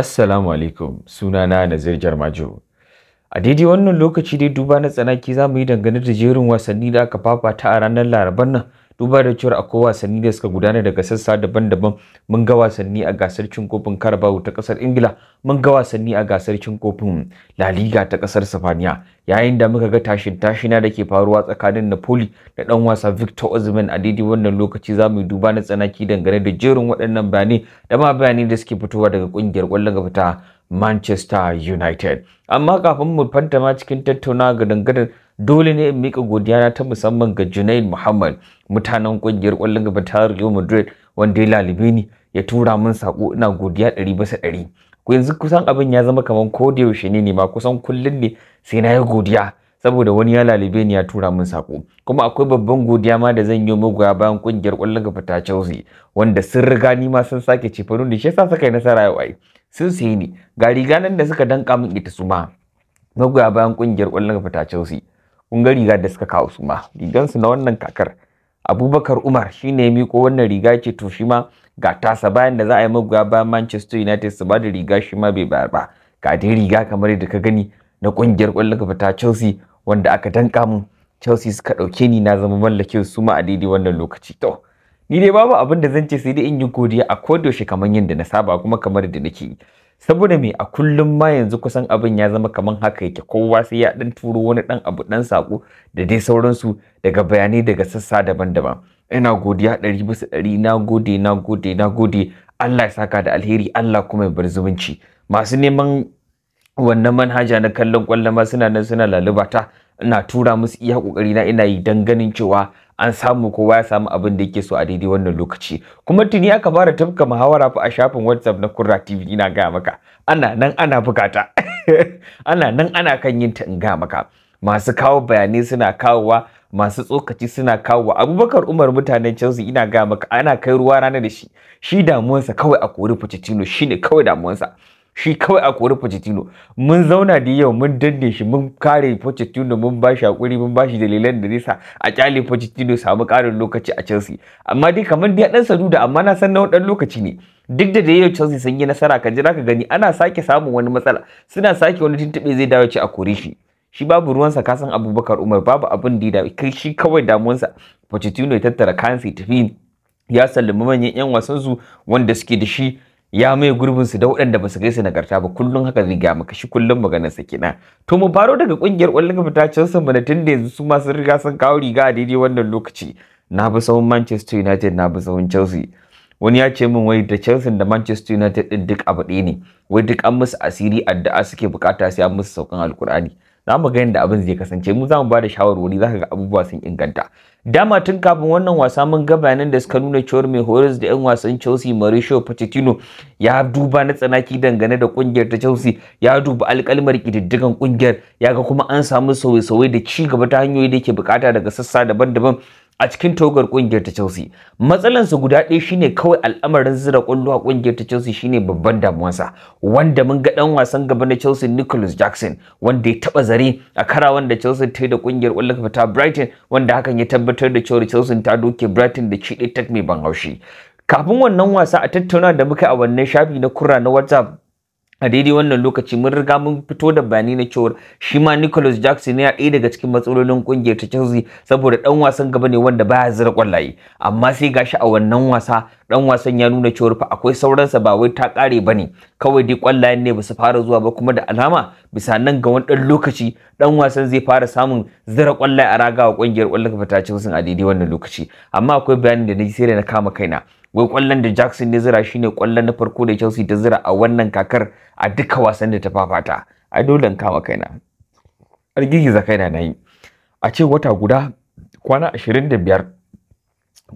Assalamu alaikum sunana Nazir Jarmajo. A daidai wannan lokaci dai duba na tsanaki za mu yi dangane da jerin wasanni da aka fafata a ranar Laraban nan duba da cewa akwai wasanni da suka gudana daga sassa daban-daban mun ga wasanni a gasar cin kofin Carabao ta kasar Ingila mun ga wasanni a gasar cin kofin La Liga ta kasar Spaniya yayin da muka ga tashin tashina da ke faruwa tsakanin Napoli da dan wasa Victor Osimhen a daidai wannan lokaci za mu duba na tsanaki dangane da jerin waɗannan bayanai da ma bayanai da suke fitowa daga kungiyar kwallon gaba ta Manchester United. Amma kafin mu fantama cikin tattauna ga dangadar dole ne in mika godiya na ta musamman ga Junaid Muhammad mutanen ƙungiyar ƙwallon gaba ta Real Madrid wanda ya lalibe ni ya tura min sako ina godiya ɗari bisa ɗari. Ku yanzu kusan abin ya zama kamar ko da yaushe ne ne ma kusan kullum ne sai na yi godiya saboda wani ya lalibe ni ya tura min sako kuma akwai babban godiya ma da zan yi magoya bayan ƙungiyar ƙwallon gaba ta Chelsea wanda sun riga ni ma sun sake cefanu da shi yasa suka yi nasara yau ai. sun siye ne ga riga nan da suka danka min ita su ma magoya bayan kungiyar ƙwallon kafa ta Chelsea kun ga riga da suka kawo su ma rigan su na wannan kakar Abubakar Umar shine ya miko wannan riga ce to shi ma ga tasa bayan da za a yi magoya bayan Manchester United su ba da riga shi ma bai bayar ba ga dai riga kamar da ka gani na kungiyar kwallon kafa ta Chelsea wanda aka danka min Chelsea suka ɗauke ni na zama mallakin su ma a daidai wannan lokaci to ni dai babu abin da zan ce sai dai in yi godiya a kodayaushe kamar yadda na saba kuma kamar da nake yi saboda me a kullum ma yanzu kusan abin ya zama kamar haka yake kowa sai ya dan turo wani dan abu dan sako da dai sauransu daga bayanai daga sassa daban-daban ina godiya ɗari bisa ɗari na gode na gode na gode Allah ya saka da alheri Allah kuma ya bar zumunci masu neman wannan manhaja na kallon kwallon suna nan suna lalubata ina tura musu iya kokari na ina yi dan ganin cewa an samu kowa ya samu abin da yake so a daidai wannan lokaci kuma tuni aka fara tafka muhawara fa a shafin WhatsApp na Kurra TV ina ga maka ana nan ana bukata ana nan ana kan yin ta in ga maka masu kawo bayanai suna kawowa masu tsokaci suna kawowa abubakar umar mutanen chelsea ina ga maka ana kai ruwa rana da shi shi damuwansa kawai a kori pochettino shine kawai damuwansa shi kawai a kori Pochettino mun zauna da yau mun danne shi mun kare Pochettino mun ba shi hakuri mun ba shi dalilan da zai sa a kyale Pochettino samu karin lokaci a Chelsea amma dai kamar dai dan saduda amma na san na dan lokaci ne duk da yau Chelsea sun yi nasara ka jira ka gani ana sake samun wani matsala suna sake wani tuntube zai dawo ci a kore shi shi babu ruwan sa ka san Abubakar Umar babu abin da ya kai shi kawai damuwansa Pochettino ya tattara kansa tafi ya sallami manyan 'yan wasansu wanda suke da shi ya mai gurbin su da waɗanda ba su kai su nagarta ba kullum haka zai ga maka shi kullum maganar sa kenan to mu faro daga kungiyar ƙwallon kafa ta Chelsea mana tun da yanzu su ma sun riga sun kawo riga a daidai wannan lokaci na bi sahun Manchester United na bi sahun Chelsea wani ya ce min wai da Chelsea da Manchester United din duk abu ɗaya ne wai duk an musu asiri addu'a suke bukata sai an musu saukan alkur'ani za mu ga yadda abin zai kasance mu za mu ba da shawarwari za ka ga abubuwa sun inganta dama tun kafin wannan wasa mun ga bayanan da suka nuna cewar mai horis da 'yan wasan chelsea mauricio pochettino ya duba na tsanaki dangane da kungiyar ta chelsea ya duba alkalmar ƙididdigan kungiyar ya ga kuma an samu sauye-sauye da ci gaba ta hanyoyi da ke bukata daga sassa daban-daban a cikin togar kungiyar ta Chelsea. Matsalan su guda ɗaya shine kawai al'amarin zira kwallo a kungiyar ta Chelsea shine babban damuwar sa wanda mun ga dan wasan gaba na Chelsea Nicholas Jackson wanda ya taba zare a kara wanda Chelsea ta da kungiyar kwallon kafa ta Brighton wanda hakan ya tabbatar da cewa Chelsea ta doke Brighton da ci ɗaya tak mai ban haushi. Kafin wannan wasa a tattauna da muka a wannan shafi na kura na WhatsApp a daidai wannan lokaci mun riga mun fito da bayani na cewar shi ma Nicholas Jackson yana ɗaya daga cikin matsalolin kungiyar ta Chelsea saboda ɗan wasan gaba ne wanda baya zira kwallaye amma sai gashi a wannan wasa dan wasan ya nuna cewa rufa akwai sauransa ba wai ta kare ba ne. kawai dai kwallayen ne ba su fara zuwa ba kuma da alama bisa nan ga wani dan lokaci dan wasan zai fara samun zira kwallaye a ragawa kungiyar kwallon kafa ta Chelsea a daidai wannan lokaci amma akwai bayanin da naji sai da na kama kaina wai kwallon da Jackson ne zira shine kwallon na farko da Chelsea ta zira a wannan kakar a duka wasan da ta fafata Ai dole in kama kaina argigiza kaina nayi a ce wata guda kwana 25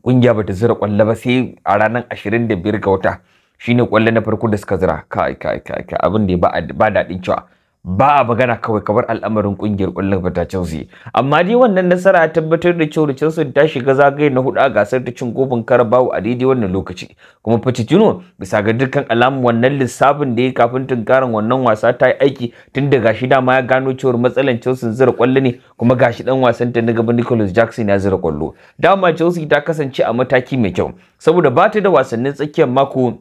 kungiya bata zira kwallo ba sai a ranar ashirin da biyar ga wata shine kwallo na farko da suka zira kai kai kai abin da ba daɗin cewa ba a magana kawai kamar al'amarin kungiyar kwallon ta Chelsea amma dai wannan nasara ya tabbatar da cewa Chelsea ta shiga zagaye na hudu a gasar ta cin kofin Carabao a daidai wannan lokaci kuma Pochettino bisa ga dukkan alamu wannan lissafin da ya kafin tunkarin wannan wasa ta yi aiki tun da gashi dama ya gano cewa matsalar Chelsea zira kwallo ne kuma gashi dan wasan ta na gaba Nicholas Jackson ya zira kwallo dama Chelsea ta kasance a mataki mai kyau saboda ba ta da wasannin tsakiyar mako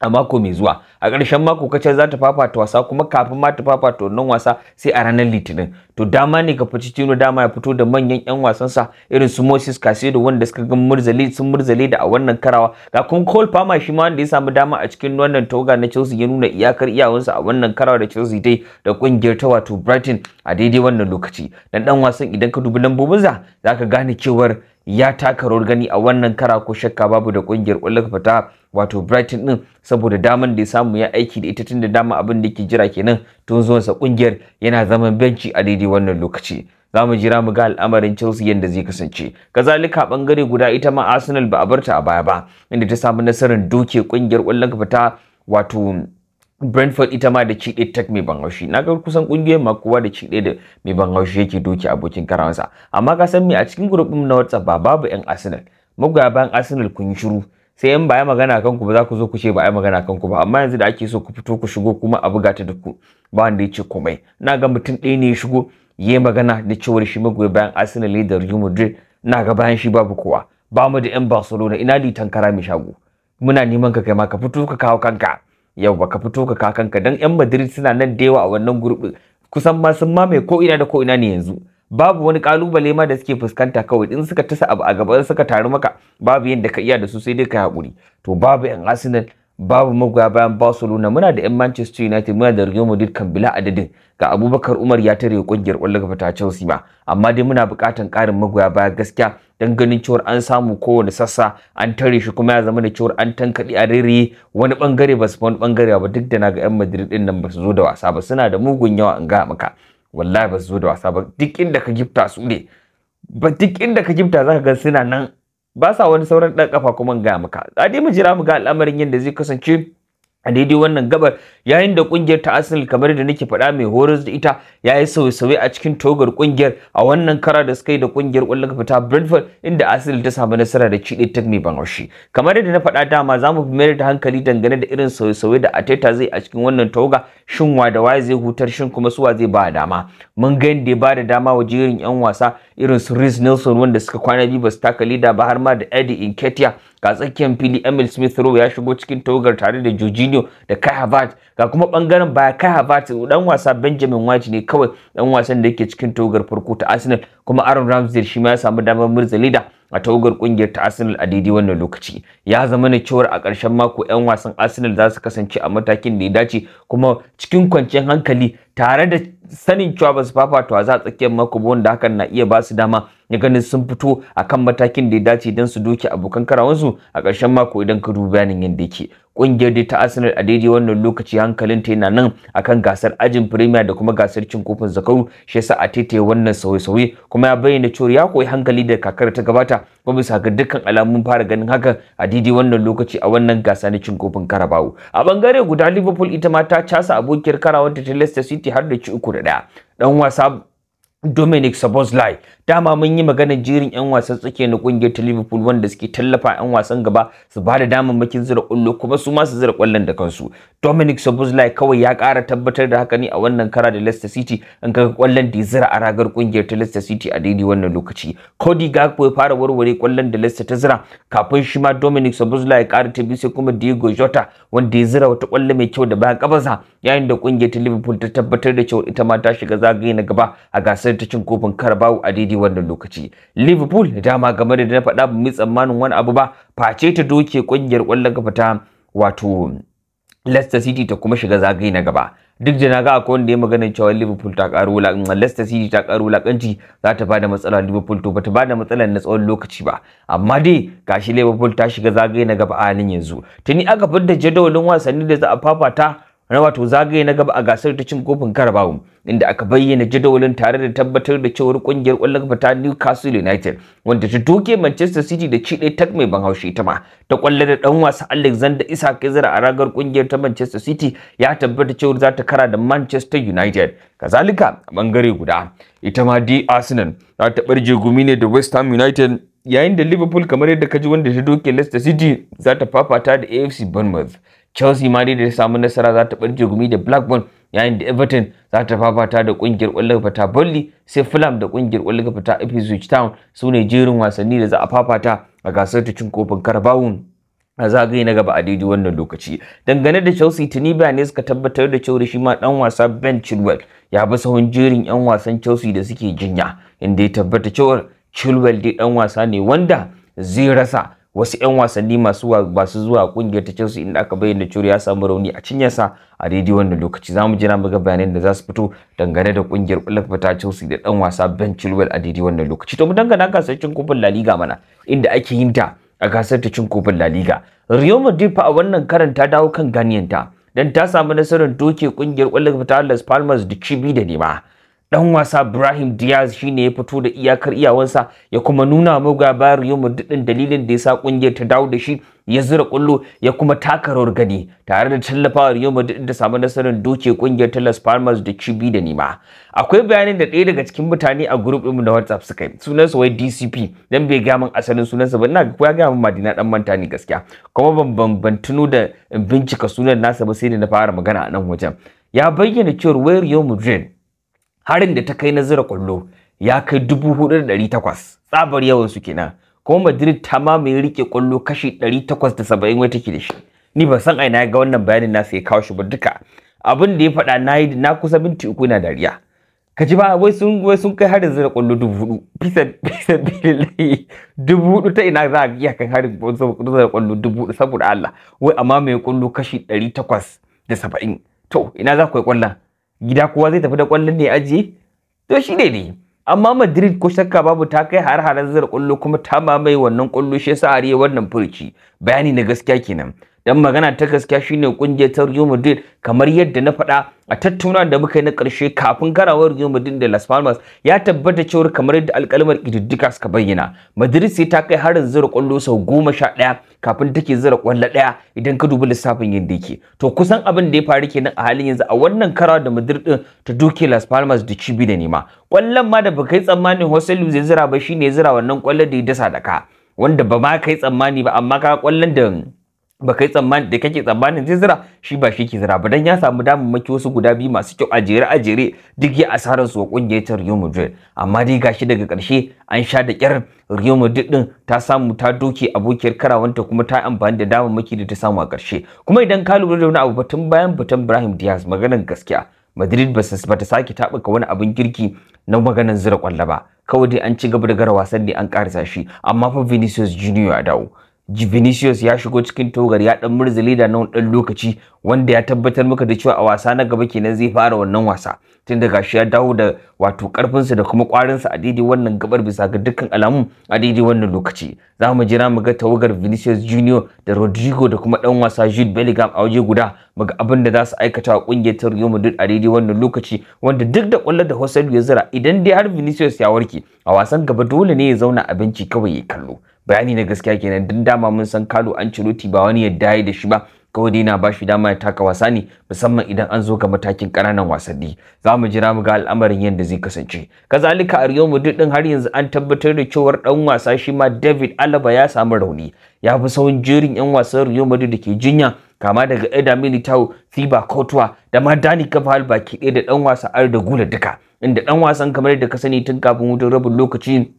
a mako mai zuwa a ƙarshen mako kacal za ta fafata wasa kuma kafin ma ta fafata wannan wasa sai a ranar litinin to dama ne ka ga Pochettino dama ya fito da manyan yan wasansa irin su Moses Caicedo wanda suka ga murzale sun murzale da a wannan karawa ga kuma Cole Palmer shi ma wanda ya samu dama a cikin wannan toga na Chelsea ya nuna iyakar iyawansa a wannan karawa da Chelsea dai da kungiyar ta wato Brighton a daidai wannan lokaci dan dan wasan idan ka dubi lambobinsa zaka gane cewar ya taka rawar gani a wannan kara ko shakka babu da kungiyar kwallon fata wato Brighton din saboda daman da ya samu ya aiki da ita tun da dama abin da yake jira kenan tun zuwan sa kungiyar yana zaman benci a daidai wannan lokaci za mu jira mu ga al'amarin Chelsea yadda zai kasance. Kazalika bangare guda ita ma Arsenal ba a barta a baya ba inda ta samu nasarar doke kungiyar kwallon fata wato Brentford ita ma da ci ɗaya tak mai ban haushi na ga kusan ƙungiyar ma kowa da ci ɗaya da mai ban haushi yake doki abokin karansa. amma ka san me a cikin group na WhatsApp ba babu yan Arsenal magoya bayan Arsenal kun shiru sai in ba magana magana kanku ba za ku zo ku ce ba ai magana kanku ba amma yanzu da ake so ku fito ku shigo kuma a buga ta da ba wanda ya ce komai na ga mutum ɗaya ne ya shigo ya magana da cewar shi magoya bayan Arsenal ne da Real Madrid na ga bayan shi babu kowa ba mu da yan Barcelona ina litan tankara mai shago muna neman ka kai ma ka fito ka kawo kanka yau ba ka fito ka kakanka dan yan Madrid suna nan da yawa a wannan gurbi kusan ma sun mamaye ko ina da ko ina ne yanzu babu wani kalubale ma da suke fuskanta kawai in suka tasa abu a gaba suka taru maka babu yadda ka iya da su sai dai ka haƙuri to babu yan Arsenal babu magoya bayan Barcelona muna da 'yan Manchester United muna da Real Madrid kan bila adadin ga Abubakar Umar ya tare kungiyar ƙwallon kafa ta Chelsea ba amma dai muna buƙatan ƙarin magoya baya gaskiya dan ganin cewar an samu kowane sassa an tare shi kuma ya zama da cewar an tankaɗi a rere wani bangare ba su wani bangare ba duk da na ga 'yan Madrid din nan ba su zo da wasa ba suna da mugun yawa in ga maka wallahi ba su zo da wasa ba duk inda ka gifta su ne ba duk inda ka gifta zaka ga suna nan ba sa wani sauran ɗan kafa kuma ga maka a dai mu jira mu ga al'amarin yadda zai kasance a daidai wannan gabar yayin da kungiyar ta Arsenal kamar da nake faɗa mai horas da ita ya yi sauye-sauye a cikin togar kungiyar a wannan kara da suka yi da kungiyar ƙwallon kafa ta Brentford inda Arsenal ta samu nasara da ci ta mai ban haushi kamar da na faɗa dama za mu mayar da hankali dangane da irin sauye-sauye da Ateta zai a cikin wannan toga shin wa da waye zai hutar shin kuma suwa zai ba dama mun ga yadda ya ba da dama wa jerin yan wasa irin su Reece Nelson wanda suka kwana biyu ba su taka lida ba har ma da Eddie Nketiah ga tsakiyar fili Emil Smith Rowe ya shigo cikin tawagar tare da Jorginho da Kai Havertz ga kuma bangaren baya Kai Havertz dan wasa Benjamin White ne kawai dan wasan da yake cikin tawagar farko ta Arsenal kuma Aaron Ramsdale shi ma ya samu damar murza leader a tawagar kungiyar ta Arsenal a daidai wannan lokaci. Ya zama na cewar a ƙarshen mako 'yan wasan Arsenal za su kasance a matakin da ya dace kuma cikin kwanciyar hankali tare da sanin cewa ba su fafatawa za a tsakiyar mako ba wanda hakan na iya ba su dama ya ganin sun fito akan matakin da ya dace don su doke abokan karawansu a ƙarshen mako idan ka dubi bayanin yadda yake ƙungiyar dai ta Arsenal a daidai wannan lokaci hankalin ta yana nan akan gasar ajin Premier da kuma gasar cin kofin zakaru shi yasa a Ateta wannan sauye-sauye kuma ya bayyana cewa ya koyi hankali da kakar ta gabata kuma bisa ga dukkan alamun fara ganin hakan a daidai wannan lokaci a wannan gasa na cin kofin karabawu. a bangare guda Liverpool ita ma ta casa abokiyar karawanta ta Leicester City har da ci uku da ɗaya dan wasa Dominic Szoboszlai dama mun yi magana jirin yan wasan tsakiya na kungiyar ta Liverpool wanda suke tallafa yan wasan gaba su ba bada makin zira kullo kuma su ma su zira kwallon da kansu Dominic Szoboszlai kawai ya ƙara tabbatar da haka ne a wannan kara da Leicester City an kaga kwallon da zira a ragar kungiyar ta Leicester City a daidai wannan lokaci Cody Gakpo ya fara warware kwallon da Leicester ta zira kafin shi ma Dominic Szoboszlai ya ƙara ta bi sai kuma Diego Jota wanda ya zira wata kwallo mai kyau da bayan kabasa yayin da kungiyar ta Liverpool ta tabbatar da cewa ita ma ta shiga zagaye na gaba a gasar ta cin kofin Carabao a daidai wannan lokaci liverpool dama game da na faɗa mu tsammanin wani abu ba face ta doke ƙungiyar ƙwallon kafa ta wato leicester city ta kuma shiga zagaye na gaba duk da na ga akwai wanda ya magana cewa Liverpool ta karo Leicester City ta karo lakanci za ta bada matsala Liverpool to ba bata bada matsala na tsawon lokaci ba amma dai gashi Liverpool ta shiga zagaye na gaba a halin yanzu tuni aka fidda jadawalin wasanni da za a fafata na wato zagaye na gaba a gasar ta cin kofin Carabao inda aka bayyana jadawalin tare da tabbatar da cewar kungiyar kwallon kafa ta Newcastle United wanda ta doke Manchester City da ci ɗaya tak mai ban haushi ta ma ta kwallo da dan wasa Alexander Isak Ezra a ragar kungiyar ta Manchester City ya tabbata cewar za ta kara da Manchester United kazalika a bangare guda ita ma D Arsenal za ta barje gumi ne da West Ham United yayin da Liverpool kamar yadda kaji wanda ta doke Leicester City za ta fafata da AFC Bournemouth chelsea ma dai da samu nasara za ta barje gumi da blackburn yayin da everton za ta fafata da kungiyar ga fata Burnley sai fulham da kungiyar ga fata ipswich town su ne jerin wasanni da za a fafata a gasar ta cin kofin carabao a zagaye na gaba a daidai wannan lokaci dangane da chelsea tuni ne suka tabbatar da cewa shi ma dan wasa ben chilwell ya bi sahun jerin yan wasan chelsea da suke jinya inda ya tabbata cewa chilwell dai dan wasa ne wanda zai rasa wasu 'yan wasanni masu basu zuwa kungiyar ta Chelsea inda aka bayyana cewa ya samu rauni a cinyarsa a daidai wannan lokaci zamu jira mu ga bayanan da za su fito dangane da kungiyar Blackburn ta Chelsea da ɗan wasa Ben Chilwell a daidai wannan lokaci to mu dangana gasar cin kofin La Liga mana inda ake yin ta a gasar ta cin kofin La Liga Real Madrid fa a wannan karan ta dawo kan ganiyanta dan ta samu nasarar doke kungiyar Blackburn ta Las Palmas da Chibi da nema dan wasa Ibrahim Diaz shine ya fito da iyakar iyawansa ya kuma nuna muga bari mu didin dalilin da yasa kungiyar ta dawo da shi ya zura kullo ya kuma taka rawar gani tare da tallafawa mu didin da samu nasarar doke kungiyar ta Las Palmas da Chibi da Nima akwai bayanin da ɗaya daga cikin mutane a group ɗinmu na WhatsApp suka yi sunansa wai DCP dan bai ga min asalin sunansa ba ina ga ya ga min Madina dan manta ni gaskiya kuma ban ban ban tuno da bincika sunan nasa ba sai da na fara magana a nan wajen ya bayyana cewa Real Madrid harin da ta kai na zira kwallo ya kai 4,800 tsabar yawan su kenan kuma Madrid ta mamaye rike kwallo kashi 870 wai ke da shi ni ban san aina ga wannan bayanin nasu ya kawo shi ba duka abin da ya faɗa na yi na kusa minti uku na dariya ka ji ba wai sun wai sun kai harin zira kwallo dubu hudu bisa bisa billahi dubu hudu ta ina za a iya kan harin zira kwallo dubu hudu saboda Allah wai amma mai kwallo kashi 870 to ina za ku yi kwallon gida kowa zai tafi da kwallon ne aji? to shi ne ne amma madrid ko shakka babu ta kai har har zai kwallo kuma ta mamaye wannan kwallo shi yasa ariye wannan furci bayani na gaskiya kenan dan magana ta gaskiya shine kungiyar ta Real Madrid kamar yadda na faɗa a tattauna da muka yi na ƙarshe kafin karawar Real Madrid da Las Palmas ya tabbata cewar kamar yadda alƙalmar ƙididdika suka bayyana Madrid sai ta kai harin zira ƙwallo sau goma sha ɗaya kafin take zira ƙwallo ɗaya idan ka dubi lissafin yadda yake to kusan abin da ya faru kenan a halin yanzu a wannan karawa da Madrid din ta duke Las Palmas da cibi da nema ƙwallon ma da baka yi tsammanin Jose Luis zai zira ba shine zira wannan ƙwallon da ya dasa da wanda ba ma kai tsammani ba amma ka ƙwallon da ba kai tsammani da kake tsammanin zai zira shi ba shi ke zira ba dan ya samu maki wasu guda biyu masu kyau a jere a jere duk ya asarar su wa kungiyar ta Real Madrid amma dai gashi daga karshe an sha da kyar Real Madrid din ta samu ta doke abokiyar karawanta kuma ta amfani da maki da ta samu a karshe kuma idan ka lura da wani abu batun bayan batun Ibrahim Diaz maganar gaskiya Madrid ba ta sake taɓuka wani abin girki na maganar zira kwalla ba kawai dai an ci gaba da gara wasan ne an karisa shi amma fa Vinicius Junior ya dawo Vinicius ya shigo cikin togar ya dan murzali da nan dan lokaci wanda ya tabbatar maka da cewa a wasa na gaba kenan zai fara wannan wasa tunda daga ya dawo da wato karfinsa da kuma kwarinsa a daidai wannan gabar bisa ga dukkan alamu a daidai wannan lokaci za mu jira mu ga tawagar Vinicius Junior da Rodrigo da kuma dan wasa Jude Bellingham a waje guda mu ga abin da za su aikata a kungiyar ta Real Madrid a daidai wannan lokaci wanda duk da kullar da Jose ya zira idan dai har Vinicius ya warke a wasan gaba dole ne ya zauna a benci kawai ya kallo bayani na gaskiya kenan duk dama mun san ci Ancelotti ba wani yadda da shi ba kawai dai na ba shi dama ya taka wasa ne musamman idan an zo ga matakin ƙananan wasanni za mu jira mu ga al'amarin yadda zai kasance kazalika a riyo Madrid din har yanzu an tabbatar da cewar dan wasa shi ma David Alaba ya samu rauni ya fi sauran jerin yan wasan riyo da ke jinya kama daga Eda Militao, Thiba kotuwa da ma Dani Carvajal baki ɗaya da dan wasa da Gula duka inda dan wasan kamar da ka sani tun kafin wutar rabin lokaci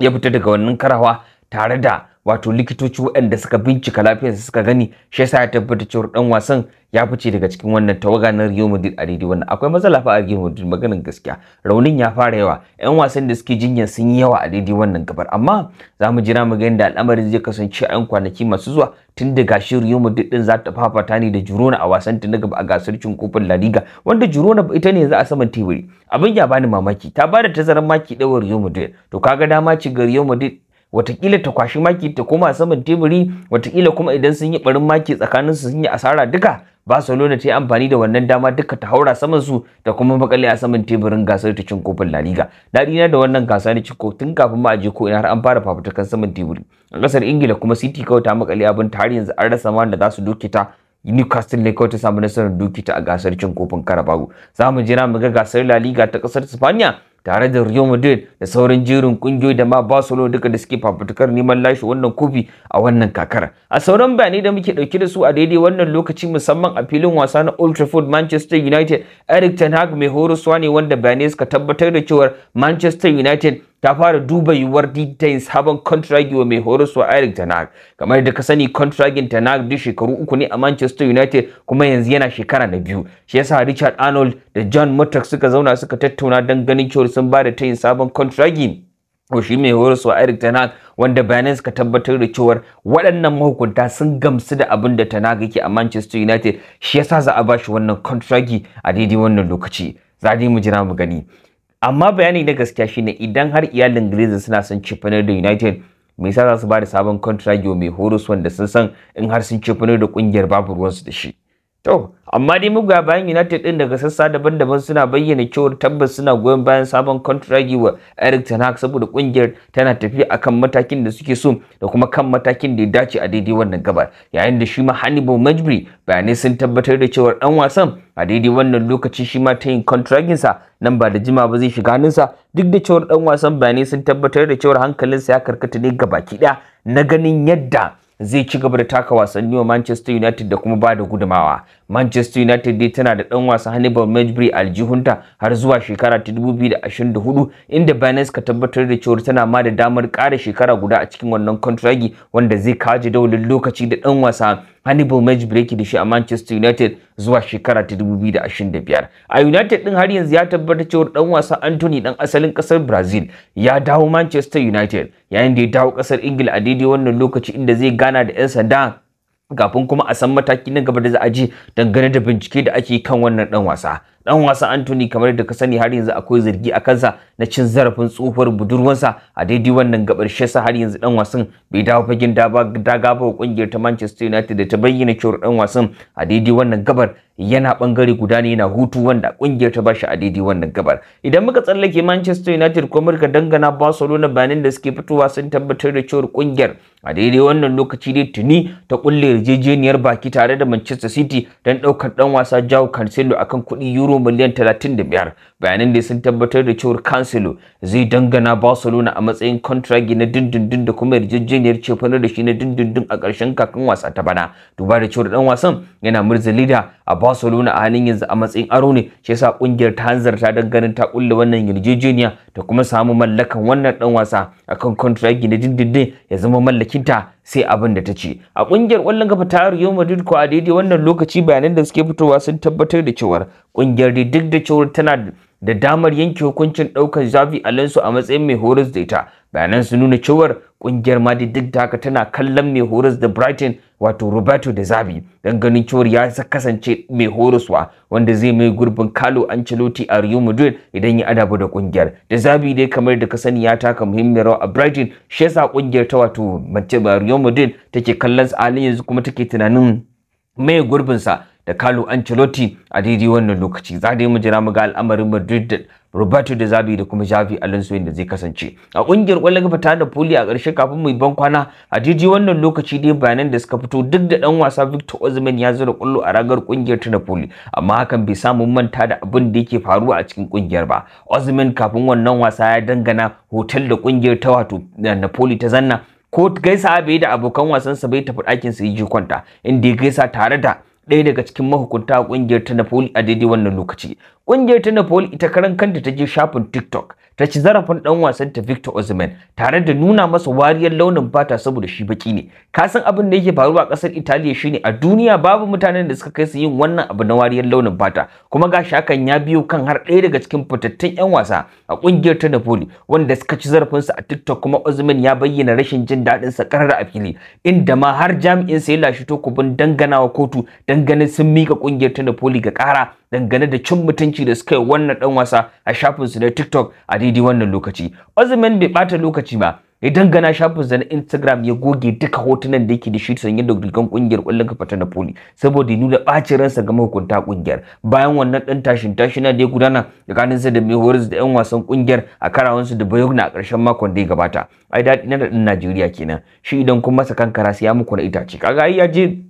ya fita daga wannan karawa tare da wato likitoci waɗanda suka bincika lafiyarsa suka gani shi yasa ya tabbatar cewa dan wasan ya fice daga cikin wannan tawaga na Real Madrid a daidai wannan akwai matsala fa a Real Madrid maganin gaskiya raunin ya fara yawa ƴan wasan da suke jinya sun yi yawa a daidai wannan gabar amma za mu jira mu ga yadda al'amarin zai kasance a 'yan kwanaki masu zuwa tun da gashi Real Madrid din za ta fafata ne da Girona a wasan ta na gaba a gasar cin kofin La Liga wanda Girona ita ne za a saman teburi abin ya bani mamaki ta bada tazarar maki dawar Real Madrid to kaga dama ci ga Real Madrid watakila ta kwashi maki ta koma saman teburi watakila kuma idan sun yi barin maki tsakanin su sun yi asara duka Barcelona ta yi amfani da wannan dama duka ta haura saman su da kuma makale a saman teburin gasar ta cin kofin La Liga daɗi na da wannan gasa ne ciko tun kafin ma a je ko ina har an fara fafutukan saman teburi a kasar Ingila kuma City kawai ta makale abin har yanzu an rasa ma da za su doke ta Newcastle ne kawai ta samu nasarar doke ta a gasar cin kofin Carabao za mu jira mu ga gasar La Liga ta kasar Spain tare da Real Madrid da sauran jerin kungiyoyi da ma Barcelona duka da suke fafutukar neman lashe wannan kofi a wannan kakar. A sauran bayanai da muke dauke da su a daidai wannan lokaci musamman a filin wasa na Old Trafford Manchester United Eric Ten Hag mai horoswa ne wanda bayanai suka tabbatar da cewa Manchester United ta fara duba yiwuwar yin sabon contract wa mai horaswa Eric Tanag kamar da ka sani contractin Tanag duk shekaru uku ne a Manchester United kuma yanzu yana shekara na biyu shi yasa Richard Arnold da John Murdoch suka zauna suka tattauna don ganin cewa sun ba da tayin sabon contractin ko shi mai horaswa Eric Tanag wanda bayanan suka tabbatar da cewar waɗannan mahukunta sun gamsu da abin da Tanag yake a Manchester United shi yasa za a ba shi wannan contracti a daidai wannan lokaci za mu jira mu gani amma bayani na gaskiya shine idan har iyalin Griezmann suna son cifanar da United me sa za su ba da sabon contract mai horus wanda sun san in har sun cifanar da kungiyar babu ruwansu da shi To, amma dai muga bayan United din daga sassa daban-daban suna bayyana cewa tabbas suna goyon bayan sabon kontragi wa Eric Ten Hag saboda kungiyar tana tafiya akan matakin da suke so da kuma kan matakin da ya dace a daidai wannan gabar. Yayin da shi ma Hannibal Majbri bayanai sun tabbatar da cewa dan wasan a daidai wannan lokaci shi ma ta yin nan ba da jima ba zai shiga hannunsa duk da cewar dan wasan bayanai sun tabbatar da cewar hankalinsa ya karkata ne ga baki daya na ganin yadda zai ci gaba da taka wasanni wa Manchester United da kuma ba da gudumawa. Manchester United dai tana da ɗan wasa Hannibal Majbury aljihunta har zuwa shekara ta 2024 inda Binance ka tabbatar da cewa tana ma da damar ƙara shekara guda a cikin wannan kontragi wanda zai kaji jadawalin lokaci da ɗan wasa Hannibal Mage breaki da shi a Manchester United zuwa shekara ta 2025. A United ɗin har yanzu ya tabbata cewar dan wasa Anthony dan asalin ƙasar Brazil ya dawo Manchester United yayin da ya dawo kasar Ingila a daidai wannan lokaci inda zai gana da 'yan sanda kafin kuma a san mataki na gaba da za a je dangane da bincike da ake kan wannan ɗan wasa. dan wasa Anthony kamar da ka sani har yanzu akwai zargi a kansa na cin zarafin tsofar budurwansa a daidai wannan gabar shi har yanzu dan wasan bai dawo fagen daga ba kungiyar ta Manchester United da ta bayyana cewa dan wasan a daidai wannan gabar yana bangare guda ne yana hutu wanda kungiyar ta bashi a daidai wannan gabar idan muka tsallake Manchester United ko murka dangana Barcelona banin da suke fitowa sun tabbatar da cewa kungiyar a daidai wannan lokaci dai tuni ta kulle yarjejeniyar baki tare da Manchester City don daukar dan wasa jao Cancelo akan kuɗi euro miliyan 35 bayanan da sun tabbatar da cewar kansilo zai dangana barcelona a matsayin kontragi na dindindin da kuma yarjejeniyar cefanar da shi na dindindin a ƙarshen kakan wasa ta bana duba da cewar dan wasan yana murza lida a barcelona a halin yanzu a matsayin aro ne shi yasa kungiyar ta hanzarta don ganin ta kulle wannan yarjejeniya ta kuma samu mallakan wannan dan wasa akan kontragi na dindindin ya zama mallakinta sai abin da ta ce a kungiyar kwallon kafa ta Real Madrid ko a daidai wannan lokaci bayanan da suke fitowa sun tabbatar da cewar Ƙungiyar dai duk da cewar tana da damar yanke hukuncin ɗaukar a Alonso a matsayin mai horas da ita. Bayanan su nuna cewar ƙungiyar ma duk da haka tana kallon mai horas da Brighton wato Roberto da zabi don ganin cewar ya kasance mai horaswa wanda zai mai gurbin Carlo Ancelotti a Real Madrid idan ya adabu da ƙungiyar. Da Xavi dai kamar da ka sani ya taka muhimmiyar rawa a Brighton shi yasa ƙungiyar ta wato Real Madrid take kallon sa halin yanzu kuma take tunanin mai gurbinsa da Carlo Ancelotti a daidai wannan lokaci za da yi mu jira mu ga al'amarin Madrid da Roberto De Zerbi da kuma Javi Alonso inda zai kasance. A kungiyar ƙwallon kafa ta Napoli a ƙarshe kafin mu ban kwana a daidai wannan lokaci dai bayanan da suka fito duk da dan wasa Victor Osimhen ya zura ƙwallo a ragar kungiyar ta Napoli amma hakan bai samu manta da abin da yake faruwa a cikin kungiyar ba. Osimhen kafin wannan wasa ya dangana hotel da kungiyar ta wato eh, Napoli ta zanna ko gaisa bai da abokan wasansa bai tafi ɗakin sa yi kwanta inda ya gaisa tare da ɗaya daga cikin mahukunta a ƙungiyar ta Napoli a daidai wannan lokaci. Ƙungiyar ta Napoli ita karan kanta ta je shafin TikTok ta ci zarafin dan wasan ta Victor Osimhen tare da nuna masa wariyar launin fata saboda shi baki ne kasan abin da yake faruwa a kasar Italiya shine a duniya babu mutanen da suka kai su yin wannan abu na wariyar launin fata kuma gashi hakan ya biyo kan har ɗaya daga cikin fitattun yan wasa a kungiyar ta Napoli wanda suka ci zarafin sa a TikTok kuma Osimhen ya bayyana rashin jin daɗin sa karara a fili inda ma har jami'in sa ya lashi tokubin danganawa kotu dangane sun mika kungiyar ta Napoli ga kara dangane da cin mutunci da suka yi wannan dan wasa a shafinsu na TikTok a daidai wannan lokaci azumin bai bata lokaci ba ya dangana shafinsa na Instagram ya goge duka hotunan da yake da shi sanye da rigan kungiyar kwallon kafa ta Napoli saboda ya nuna bacin ransa ga mahukunta kungiyar bayan wannan dan tashin na da ya gudana tsakanin sa da mai horis da yan wasan kungiyar a karawan su da Bayogna a karshen makon da ya gabata ai dadi na da Najeriya kenan shi idan kun masa kankara sai ya muku na itace kaga ai ya je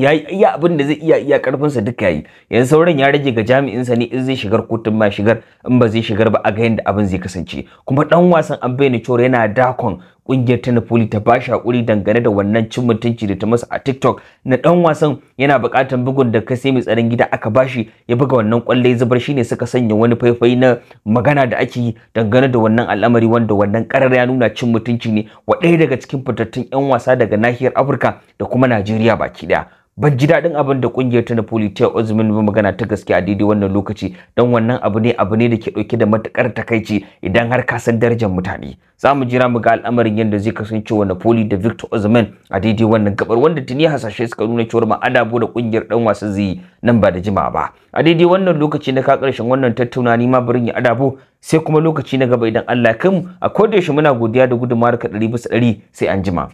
ya yi iya abin da zai iya iya karfinsa duka yi yanzu sauran ya rage ga sa ne in zai shigar kotun ma shigar in ba zai shigar ba a ga yadda abin zai kasance kuma dan wasan an bayyana cewa yana dakon kungiyar ta Napoli ta ba shi hakuri dangane da wannan cin mutunci da ta masa a TikTok na dan wasan yana buƙatan bugun da kase mai tsaron gida aka ba shi ya buga wannan kwalle zubar shine suka sanya wani faifai na magana da ake yi dangane da wannan al'amari wanda wannan karar ya nuna cin mutunci ne wa ɗaya daga cikin fitattun 'yan wasa daga nahiyar Afirka da kuma Najeriya baki daya ban ji daɗin abin da ƙungiyar ta Napoli ta Osimhen ba magana ta gaske a daidai wannan lokaci dan wannan abu ne abu ne da ke ɗauke da matuƙar takaici idan har ka san darajar mutane za mu jira mu ga al'amarin yadda zai kasance wa Napoli da Victor Osimhen a daidai wannan gabar wanda tuni hasashe suka nuna cewa ma adabo da ƙungiyar ɗan wasa zai nan ba da jima ba a daidai wannan lokaci na ka ƙarshen wannan tattauna ni ma barin ya adabo sai kuma lokaci na gaba idan Allah ya kai mu a kodayaushe muna godiya da gudunmawar ka ɗari bisa ɗari sai an jima.